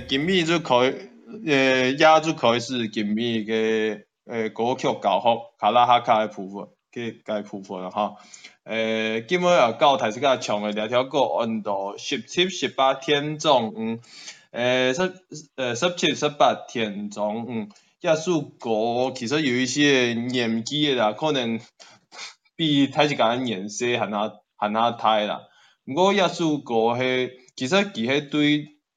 誒，今眠就可，誒，也就開始今眠嘅誒歌曲教學，卡拉哈卡嘅部分去解部分啦哈。誒、呃，今眠啊教台子個唱嘅兩條歌，叫做十七十八田莊，誒、嗯呃、十誒、呃、十七十八田莊，亞速歌其實有一些年紀嘅啦，可能比台子個年紀還下還下大啦。不過亞速歌係其實其實對。